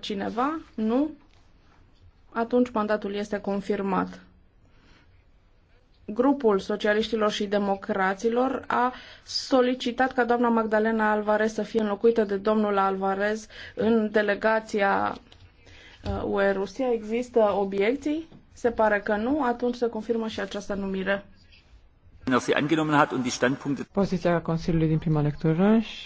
cineva? Nu? Atunci mandatul este confirmat. Grupul Socialiștilor și Democraților a solicitat ca doamna Magdalena Alvarez să fie înlocuită de domnul Alvarez în delegația uh, UE Rusia. Există obiecții? Se pare că nu, atunci se confirmă și această numire. Er Poziția Consiliului din prima lectură și